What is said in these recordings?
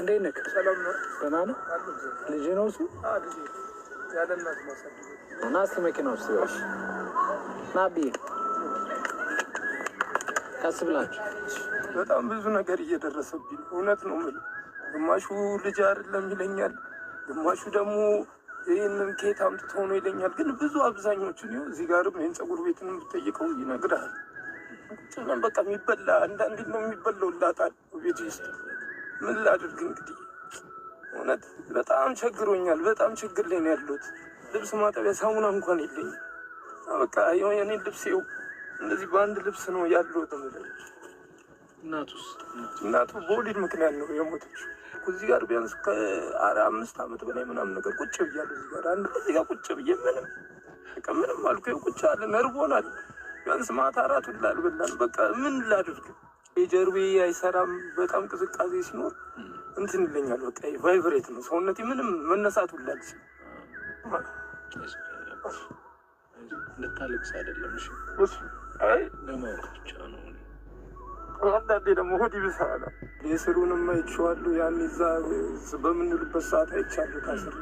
እንዴት ነህ? ደህና ነህ? ልጅ ነው እሱ እና እስኪ መኪና ውስጥ ና ብዬ ቀስ ብላችሁ በጣም ብዙ ነገር እየደረሰብኝ እውነት ነው የምልህ። ግማሹ ልጅ አይደለም ይለኛል፣ ግማሹ ደግሞ ይህንን ኬት አምጥቶ ሆኖ ይለኛል። ግን ብዙ አብዛኞቹን እዚህ ጋርም ይህን ፀጉር ቤትን የምትጠይቀው ይነግርሃል። ጭነን በቃ የሚበላ አንዳንዴ ነው የሚበላው ላጣል ቤት ውስጥ ምን ላድርግ እንግዲህ እውነት በጣም ቸግሮኛል። በጣም ችግር ላይ ነው ያሉት። ልብስ ማጠቢያ ሳሙና እንኳን የለኝ። በቃ የኔ ልብስ ይኸው እንደዚህ በአንድ ልብስ ነው ያሉት። እናቱስ እናቱ በወሊድ ምክንያት ነው የሞተችው። እዚህ ጋር ቢያንስ ከአምስት ዓመት በላይ ምናምን ነገር ቁጭ ብያለሁ። እዚህ ጋር አንድ እዚህ ጋር ቁጭ ብዬ ምንም በቃ ምንም አልኩ። ቁጭ አለ ነርቦናል። ቢያንስ ማታ አራት ብላ በቃ ምን ላድርግ የጀርቤ አይሰራም። በጣም ቅዝቃዜ ሲኖር እንትን ይለኛል። በቃ ቫይብሬት ነው ሰውነቴ። ምንም መነሳት ሁላች ልታለቅስ አይደለም። አንዳንዴ ደግሞ ሆድ ይብሳል። የስሩንም አይቼዋለሁ። ያን ዛ በምንሉበት ሰዓት አይቻለሁ ታስር።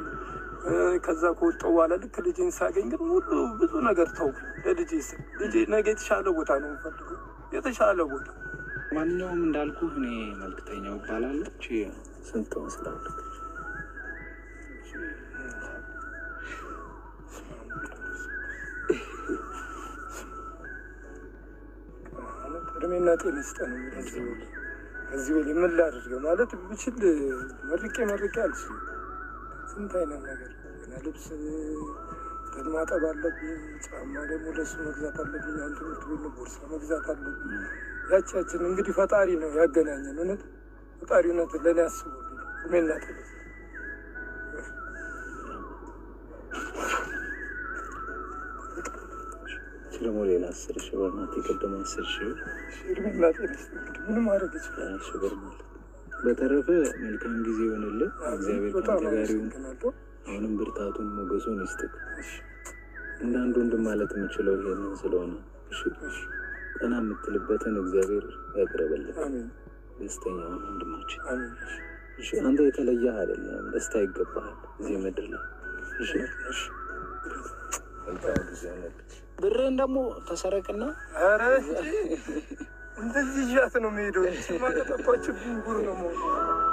ከዛ ከወጣሁ በኋላ ልክ ልጄን ሳገኝ ግን ሁሉ ብዙ ነገር ተውኩ። ለልጄ ስል ልጄ ነገ የተሻለ ቦታ ነው የምፈልገው የተሻለ ቦታ ማንኛውም እንዳልኩ እኔ መልክተኛው ይባላለች። ስንት ትመስላለች? እድሜና ጤና ይስጠን። እዚህ ወደ ምን ላድርገው ማለት ብችል መርቄ መርቄ አልችልም። ስንት አይነት ነገር ገና ልብስ ማጠብ አለብኝ፣ ጫማ ደግሞ ለሱ መግዛት አለብኝ፣ አንድ ትምህርት ቤት ቦርሳ መግዛት አለብኝ ያቻችን እንግዲህ ፈጣሪ ነው ያገናኘን። እውነት ፈጣሪ እውነት ለእኔ ሜና ደግሞ ሌላ አስር የቀደመ አስር በተረፈ መልካም ጊዜ ይሆንልህ። እግዚአብሔር አሁንም ብርታቱን ሞገሱን ይስጥቅ። እንደ አንድ ወንድም ማለት የምችለው ይሄንን ስለሆነ እሺ ቀና የምትልበትን እግዚአብሔር ያቅርብልን። ደስተኛ ወንድማችን። አንተ የተለየ አይደለም። ደስታ ይገባሃል እዚህ ምድር ላይ ብሬን ደግሞ ተሰረቅና እንደዚህ እያት ነው የሚሄደው ማቀጠባቸው ጉንጉር ነው